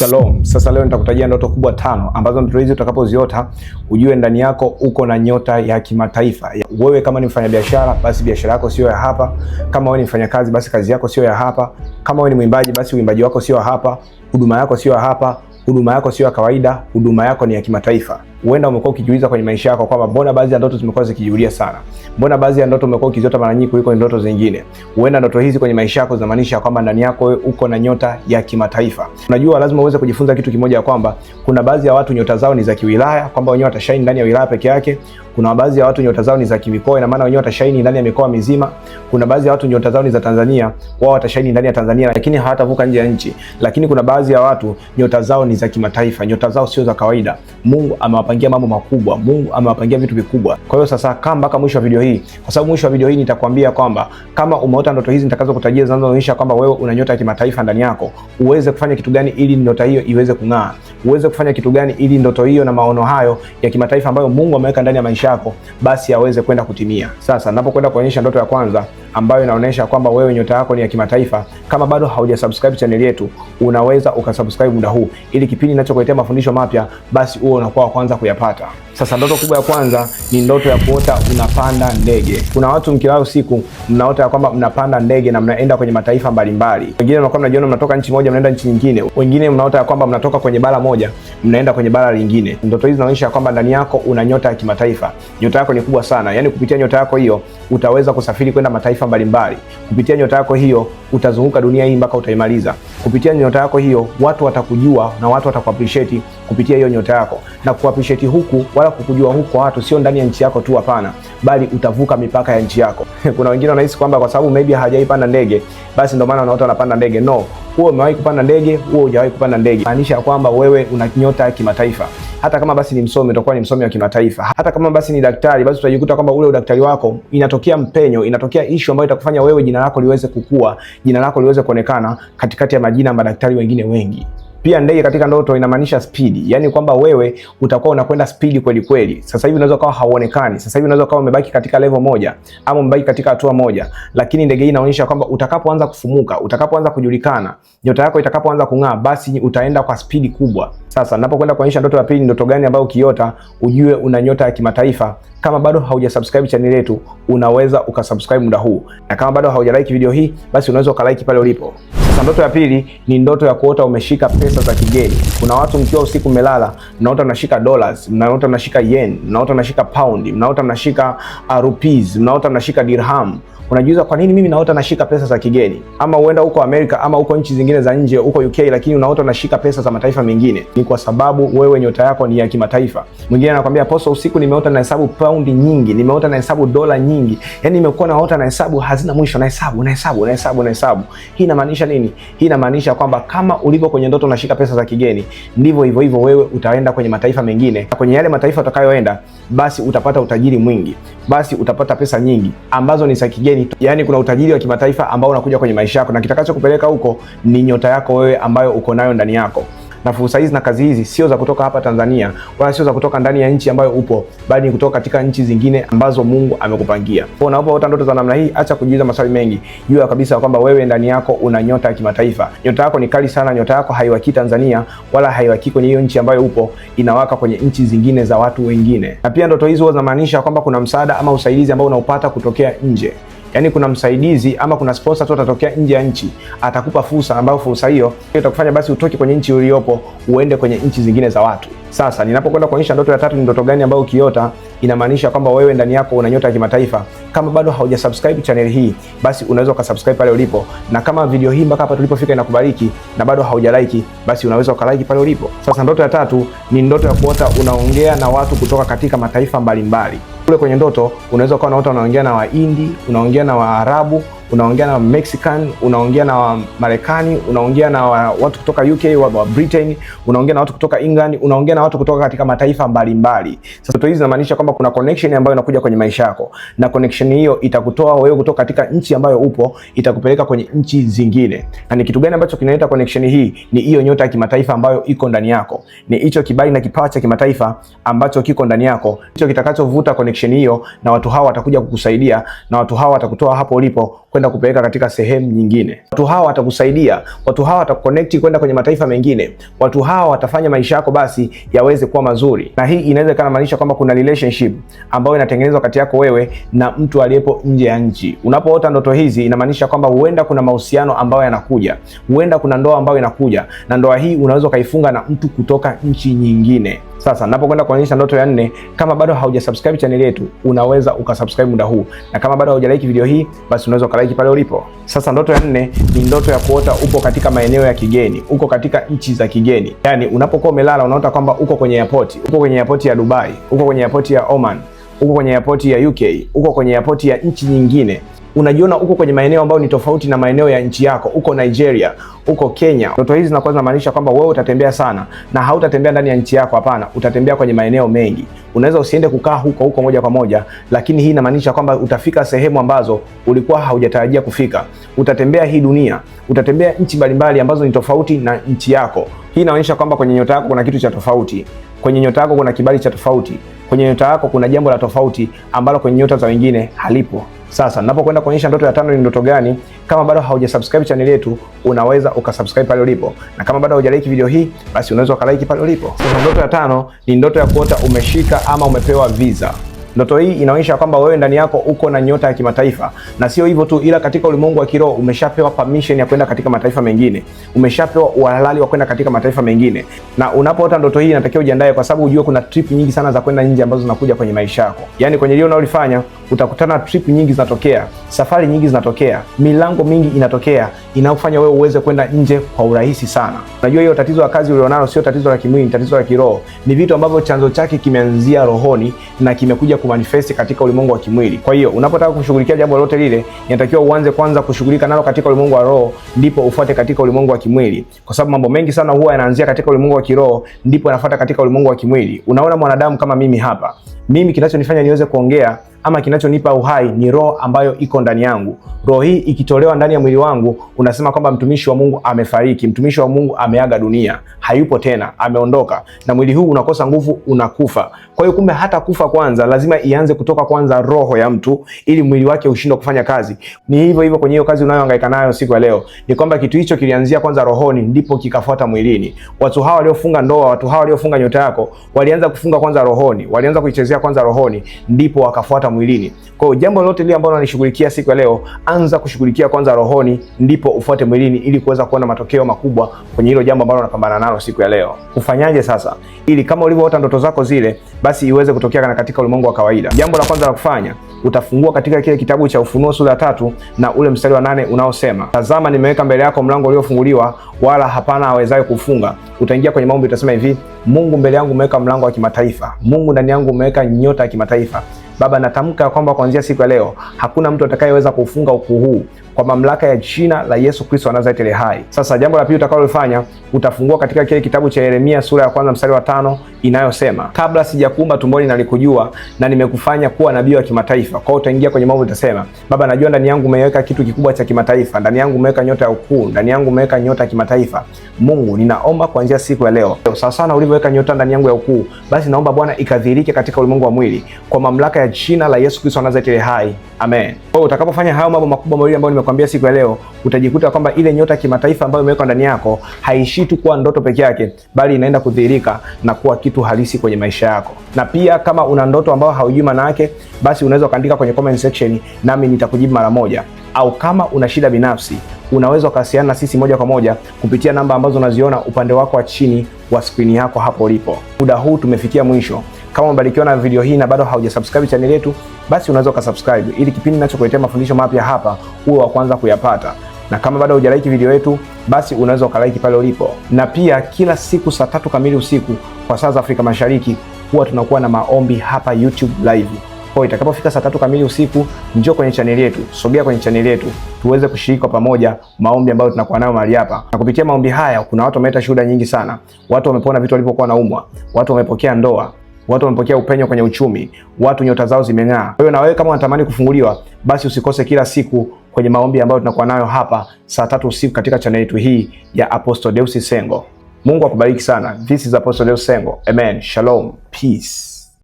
Shalom. Sasa leo nitakutajia ndoto kubwa tano ambazo ndoto hizi utakapoziota ujue ndani yako uko na nyota ya kimataifa. Wewe kama ni mfanyabiashara, basi biashara yako sio ya hapa. Kama wewe ni mfanyakazi, basi kazi yako sio ya hapa. Kama wewe ni mwimbaji, basi uimbaji wako sio hapa. Huduma yako sio hapa huduma yako sio ya kawaida, huduma yako ni ya kimataifa. Huenda umekuwa ukijiuliza kwenye maisha yako kwamba mbona baadhi ya ndoto zimekuwa zikijirudia sana, mbona baadhi ya ndoto umekuwa ukiziota mara nyingi kuliko ndoto zingine. Huenda ndoto hizi kwenye maisha yako zinamaanisha kwamba ndani yako uko na nyota ya kimataifa. Unajua, lazima uweze kujifunza kitu kimoja, ya kwamba kuna baadhi ya watu nyota zao ni za kiwilaya, kwamba wenyewe watashaini ndani ya wilaya peke yake. Kuna baadhi ya watu nyota zao ni za kimikoa, ina maana wenyewe watashaini ndani ya mikoa mizima. Kuna baadhi ya watu nyota zao ni za Tanzania, wao watashaini ndani ya Tanzania, lakini hawatavuka nje ya nchi. Lakini kuna baadhi ya watu nyota zao ni za kimataifa, nyota zao sio za kawaida. Mungu amewapangia mambo makubwa, Mungu amewapangia vitu vikubwa. Kwa hiyo sasa, kama mpaka mwisho wa video hii, kwa sababu mwisho wa video hii nitakwambia kwamba kama umeota ndoto hizi nitakazo kutajia zinazoonyesha kwamba wewe una nyota ya kimataifa ndani yako, uweze kufanya kitu gani ili ndoto hiyo iweze kung'aa, uweze kufanya kitu gani ili ndoto hiyo na maono hayo ya kimataifa ambayo Mungu ameweka ndani ya maisha chako basi aweze kwenda kutimia. Sasa napokwenda kuonyesha ndoto ya kwanza ambayo inaonyesha kwamba wewe nyota yako ni ya kimataifa, kama bado haujasubscribe channel yetu, unaweza ukasubscribe muda huu, ili kipindi ninachokuletea mafundisho mapya, basi uwe unakuwa wa kwanza kuyapata. Sasa ndoto kubwa ya kwanza ni ndoto ya kuota unapanda ndege. Kuna watu mkilala usiku mnaota ya kwamba mnapanda ndege na mnaenda kwenye mataifa mbalimbali. Wengine mnakuwa mnajiona mnatoka nchi moja mnaenda nchi nyingine, wengine mnaota ya kwamba mnatoka kwenye bara moja mnaenda kwenye bara lingine. Ndoto hizi zinaonyesha kwamba ndani yako una nyota ya kimataifa. Nyota yako ni kubwa sana, yaani kupitia nyota yako hiyo utaweza kusafiri kwenda mataifa mbalimbali. Kupitia nyota yako hiyo utazunguka dunia hii mpaka utaimaliza. Kupitia nyota yako hiyo watu watakujua na watu watakuappreciate kupitia hiyo nyota yako, na kuappreciate huku wala kukujua huku kwa watu sio ndani ya nchi yako tu, hapana, bali utavuka mipaka ya nchi yako. Kuna wengine wanahisi kwamba kwa sababu maybe hawajaipanda ndege, basi ndio maana wanaota wanapanda ndege. No, huo umewahi kupanda ndege, huo hujawahi kupanda ndege, maanisha ya kwamba wewe una nyota ya kimataifa. Hata kama basi ni msomi, utakuwa ni msomi wa kimataifa. Hata kama basi ni daktari, basi utajikuta kwamba ule udaktari wako inatokea mpenyo, inatokea issue ambayo itakufanya wewe jina lako liweze kukua, jina lako liweze kuonekana katikati ya majina ya madaktari wengine wengi. Pia ndege katika ndoto inamaanisha spidi, yaani kwamba wewe utakuwa unakwenda spidi kweli kweli. Sasa hivi unaweza ukawa hauonekani, sasa hivi unaweza ukawa umebaki katika level moja ama umebaki katika hatua moja, lakini ndege hii inaonyesha kwamba utakapoanza kufumuka, utakapoanza kujulikana, nyota yako itakapoanza kung'aa, basi utaenda kwa spidi kubwa. Sasa napokwenda kuonyesha ndoto ya pili, ndoto gani ambayo ukiota ujue una nyota ya kimataifa kama bado haujasubscribe channel yetu, unaweza ukasubscribe muda huu, na kama bado haujalike video hii, basi unaweza ukalike pale ulipo. Sasa ndoto ya pili ni ndoto ya kuota umeshika pesa za kigeni. Kuna watu mkiwa usiku mmelala, mnaota mnashika dollars, mnaota mnashika yen, mnaota mnashika pound, mnaota mnashika uh, rupees, mnaota mnashika dirham unajiuliza kwa nini mimi naota nashika pesa za kigeni, ama uenda huko Amerika ama huko nchi zingine za nje huko UK, lakini unaota unashika pesa za mataifa mengine? Ni kwa sababu wewe nyota yako ni ya kimataifa. Mwingine anakuambia poso, usiku nimeota nahesabu paundi nyingi, nimeota nahesabu dola nyingi, yani nimekuwa naota nahesabu hazina mwisho, nahesabu nahesabu nahesabu nahesabu. Hii inamaanisha nini? Hii inamaanisha kwamba kama ulivyo kwenye ndoto unashika pesa za kigeni, ndivyo hivyo hivyo wewe utaenda kwenye mataifa mengine, na kwenye yale mataifa utakayoenda, basi utapata utajiri mwingi, basi utapata pesa nyingi ambazo ni za kigeni tu. Yaani kuna utajiri wa kimataifa ambao unakuja kwenye maisha yako, na kitakacho kupeleka huko ni nyota yako wewe ambayo uko nayo ndani yako na fursa hizi na kazi hizi sio za kutoka hapa Tanzania wala sio za kutoka ndani ya nchi ambayo upo, bali ni kutoka katika nchi zingine ambazo Mungu amekupangia. Kwa unapoota ndoto za namna hii, acha kujiuliza maswali mengi, jua kabisa kwamba wewe ndani yako una nyota ya kimataifa. Nyota yako ni kali sana, nyota yako haiwaki Tanzania wala haiwaki kwenye hiyo nchi ambayo upo, inawaka kwenye nchi zingine za watu wengine. Na pia ndoto hizo zinamaanisha kwamba kuna msaada ama usaidizi ambao unaupata kutokea nje yani kuna msaidizi ama kuna sponsor tu atatokea nje ya nchi, atakupa fursa ambayo fursa hiyo itakufanya basi utoke kwenye nchi uliyopo uende kwenye nchi zingine za watu. Sasa ninapokwenda kuonyesha ndoto ya tatu ni ndoto gani ambayo ukiota inamaanisha kwamba wewe ndani yako una nyota ya kimataifa. Kama bado subscribe channel hii, basi unaweza ukasubscribe pale ulipo, na kama video hii mpaka hapa tulipofika inakubariki na bado like, basi unaweza ukalike pale ulipo. Sasa ndoto ya tatu ni ndoto ya kuota unaongea na watu kutoka katika mataifa mbalimbali mbali kule kwenye ndoto unaweza ukawa unaota unaongea na Wahindi, unaongea na Waarabu, unaongea na Mexican, unaongea na Marekani, unaongea na watu kutoka UK, wa Britain, unaongea na watu kutoka England, unaongea na watu kutoka katika mataifa mbalimbali. Sasa ndoto hizi zinamaanisha kwamba kuna connection ambayo inakuja kwenye maisha yako, na connection hiyo itakutoa wewe kutoka katika nchi ambayo upo, itakupeleka kwenye nchi zingine. Na ni kitu gani ambacho kinaleta connection hii? Ni hiyo nyota ya kimataifa ambayo iko ndani yako, ni hicho kibali na kipawa cha kimataifa ambacho kiko ndani yako, hicho kitakachovuta connection hiyo, na watu hawa watakuja kukusaidia, na watu hawa watakutoa hapo ulipo kwenda kupeleka katika sehemu nyingine. Watu hawa watakusaidia, watu hawa watakuconnect kwenda kwenye mataifa mengine, watu hawa watafanya maisha yako basi yaweze kuwa mazuri. Na hii inaweza ikawa maanisha kwamba kuna relationship ambayo inatengenezwa kati yako wewe na mtu aliyepo nje ya nchi. Unapoota ndoto hizi, inamaanisha kwamba huenda kuna mahusiano ambayo yanakuja, huenda kuna ndoa ambayo inakuja, na ndoa hii unaweza ukaifunga na mtu kutoka nchi nyingine. Sasa napokwenda kuonyesha ndoto ya nne, kama bado hauja subscribe channel yetu, unaweza ukasubscribe muda huu, na kama bado hauja like video hii, basi unaweza like pale ulipo. Sasa ndoto ya nne ni ndoto ya kuota upo katika maeneo ya kigeni, uko katika nchi za kigeni, yaani unapokuwa umelala unaota kwamba uko kwenye airport, uko kwenye airport ya Dubai, uko kwenye airport ya Oman, uko kwenye airport ya UK, uko kwenye airport ya nchi nyingine unajiona uko kwenye maeneo ambayo ni tofauti na maeneo ya nchi yako, uko Nigeria, uko Kenya. Ndoto hizi zinakuwa zinamaanisha kwamba wewe utatembea sana na hautatembea ndani ya nchi yako. Hapana, utatembea kwenye maeneo mengi. Unaweza usiende kukaa huko huko moja kwa moja, lakini hii inamaanisha kwamba utafika sehemu ambazo ulikuwa haujatarajia kufika. Utatembea hii dunia, utatembea nchi mbalimbali ambazo ni tofauti na nchi yako. Hii inaonyesha kwamba kwenye nyota yako kuna kitu cha tofauti, kwenye nyota yako kuna kibali cha tofauti, kwenye nyota yako kuna jambo la tofauti ambalo kwenye nyota za wengine halipo. Sasa ninapokwenda kuonyesha ndoto ya tano ni ndoto gani, kama bado haujasubscribe channel yetu, unaweza ukasubscribe pale ulipo, na kama bado haujalike video hii, basi unaweza ukalike pale ulipo. Sasa ndoto ya tano ni ndoto ya kuota umeshika ama umepewa visa. Ndoto hii inaonyesha kwamba wewe ndani yako uko na nyota ya kimataifa, na sio hivyo tu, ila katika ulimwengu wa kiroho umeshapewa permission ya kwenda katika mataifa mengine, umeshapewa uhalali wa kwenda katika mataifa mengine. Na unapoota ndoto hii, inatakiwa ujiandae, kwa sababu ujue kuna trip nyingi sana za kwenda nje ambazo zinakuja kwenye maisha yako. Yani kwenye hiyo unaolifanya utakutana, trip nyingi zinatokea, safari nyingi zinatokea, milango mingi inatokea, inaofanya wewe uweze kwenda nje kwa urahisi sana. Unajua hiyo tatizo la kazi ulionalo sio tatizo la kimwili, tatizo la kiroho, ni vitu ambavyo chanzo chake kimeanzia rohoni na kimekuja kumanifesti katika ulimwengu wa kimwili. Kwa hiyo unapotaka kushughulikia jambo lolote lile, inatakiwa uanze kwanza kushughulika nalo katika ulimwengu wa roho, ndipo ufuate katika ulimwengu wa kimwili, kwa sababu mambo mengi sana huwa yanaanzia katika ulimwengu wa kiroho, ndipo yanafuata katika ulimwengu wa kimwili. Unaona mwanadamu kama mimi hapa, mimi kinachonifanya niweze kuongea ama kinachonipa uhai ni roho ambayo iko ndani yangu. Roho hii ikitolewa ndani ya mwili wangu, unasema kwamba mtumishi wa Mungu amefariki, mtumishi wa Mungu ameaga dunia, hayupo tena, ameondoka, na mwili huu unakosa nguvu, unakufa. Kwa hiyo, kumbe hata kufa kwanza lazima ianze kutoka kwanza roho ya mtu, ili mwili wake ushindwe kufanya kazi. Ni hivyo hivyo kwenye hiyo kazi unayohangaika nayo siku ya leo, ni kwamba kitu hicho kilianzia kwanza rohoni, ndipo kikafuata mwilini. Watu hawa waliofunga ndoa, watu hawa waliofunga nyota yako, walianza kufunga kwanza rohoni, walianza kuichezea kwanza rohoni, ndipo wakafuata mwilini. Kwa hiyo jambo lolote lile ambalo unalishughulikia siku ya leo, anza kushughulikia kwanza rohoni, ndipo ufuate mwilini, ili kuweza kuona matokeo makubwa kwenye hilo jambo ambalo unapambana nalo siku ya leo. Ufanyaje sasa ili kama ulivyoota ndoto zako zile, basi iweze kutokea kana katika ulimwengu wa kawaida? Jambo la kwanza la kufanya, utafungua katika kile kitabu cha Ufunuo sura ya tatu na ule mstari wa nane unaosema, tazama nimeweka mbele yako mlango uliofunguliwa, wala hapana awezaye kufunga. Utaingia kwenye maombi, utasema hivi: Mungu mbele yangu umeweka mlango wa kimataifa, Mungu ndani yangu umeweka nyota ya kimataifa Baba, natamka kwamba kuanzia siku ya leo hakuna mtu atakayeweza kufunga ukuu huu kwa mamlaka ya jina la Yesu Kristo wa Nazareti aliye hai. Sasa jambo la pili utakalolifanya, utafungua katika kile kitabu cha Yeremia sura ya kwanza mstari wa tano inayosema kabla sijakuumba tumboni nalikujua na nimekufanya kuwa nabii wa kimataifa. Kwa hiyo utaingia kwenye maombi, utasema Baba, najua ndani yangu umeweka kitu kikubwa cha kimataifa, ndani yangu umeweka nyota ya ukuu, ndani yangu umeweka nyota ya kimataifa. Mungu, ninaomba kuanzia siku ya leo, sawa sana ulivyoweka nyota ndani yangu ya ukuu, basi naomba Bwana ikadhihirike katika ulimwengu wa mwili kwa mamlaka ya jina la Yesu Kristo wa Nazareti aliye hai, amen. Kwa hiyo utakapofanya hayo mambo makubwa mawili ambayo nimekwambia siku ya leo, utajikuta kwamba ile nyota ya kimataifa ambayo imewekwa ndani yako haishii tu kuwa ndoto peke yake, bali inaenda kudhihirika na kuwa kitu halisi kwenye maisha yako. Na pia kama una ndoto ambayo haujui maana yake, basi unaweza ukaandika kwenye comment section, nami nitakujibu mara moja, au kama una shida binafsi unaweza ukawasiliana na sisi moja kwa moja kupitia namba ambazo unaziona upande wako wa chini wa skrini yako hapo ulipo. Muda huu tumefikia mwisho. Kama umebarikiwa na video hii na bado haujasubscribe channel yetu, basi unaweza ukasubscribe ili kipindi ninachokuletea mafundisho mapya hapa uwe wa kwanza kuyapata, na kama bado hujalike video yetu, basi unaweza ukalike pale ulipo. Na pia kila siku saa tatu kamili usiku kwa saa za Afrika Mashariki huwa tunakuwa na maombi hapa YouTube live. Kwa itakapofika saa tatu kamili usiku, njoo kwenye chaneli yetu, sogea kwenye chaneli yetu tuweze kushiriki kwa pamoja maombi ambayo tunakuwa nayo mahali hapa. Na kupitia maombi haya, kuna watu wameleta shuhuda nyingi sana. Watu wamepona vitu walivyokuwa naumwa, watu wamepokea ndoa watu wanapokea upenyo kwenye uchumi, watu nyota zao zimeng'aa. Kwa hiyo na wewe kama unatamani kufunguliwa, basi usikose kila siku kwenye maombi ambayo tunakuwa nayo hapa saa tatu usiku katika chaneli yetu hii ya Apostle Deusi Sengo. Mungu akubariki sana. This is Apostle Deusi Sengo. Amen. Shalom. Peace.